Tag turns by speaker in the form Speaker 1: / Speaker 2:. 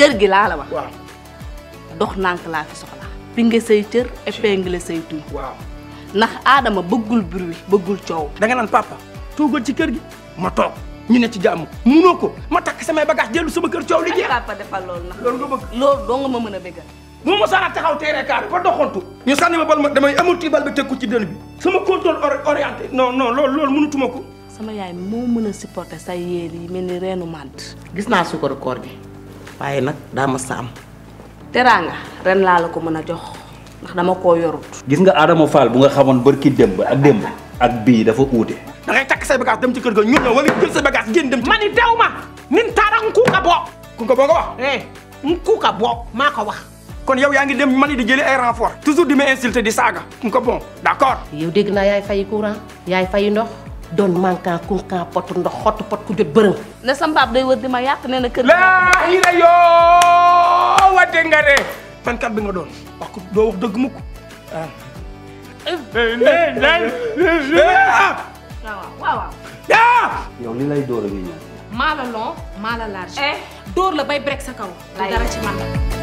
Speaker 1: kër gi laa la wax. waaw dox nànk laa fi soxla pinge say cër épingle say tuñ. waaw ndax Adama bëggul bruit bëggul coow. da nga naan papa tuugal ci kër gi ma toog ñu ne ci jàmm munoo ko ma takk samay bagage dellu sama kër coow li jeex. papa defal loolu nag loolu nga bëgg. ma mën a bëggal. bu ma saana taxaw teere kaar ba doxantu. ñu sànni ma bal ma damay amati bal bi teg ci dënn bi. sama contrôle orienté non loolu mënatuma ko. sama yaay moo mën a supporter say yéel yi mel ni reenu màdd. gis naa sukaru koor gi. waaye nag daa mas sa am. teraanga ren laa la ko mën a jox ndax dama koo yorut. gis nga Adama Fall bu nga xamoon barki démb ak démb ak bii dafa uute. da ngay takk sa bagage dem ci kër ga ñu ñëw wala jël say bagage génn dem ci. ma ni dew ma nin taara nkuuka boo. nkuuka boo wax. eh nkuuka maa ko wax. kon yow yaa ngi dem mani di jëli ay renfort toujours di ma insulter di saaga nkuuka bon d'accord. yow dégg naa yaay fay courant yaay fay ndox. doon mankan kunkan potu ndox xottu pot ku jot bërëng ne sa mbaab day wër di ma yàq nee na kër laa yi yoo wadde nga de man kat bi nga doon wax ko doo wax dëgg mukk ah. eh, eh, eh, ah. waaw waaw ah. yow li lay dóor a ngi ñëw maa la long maa la large dóor la bay brek sa kaw dara ci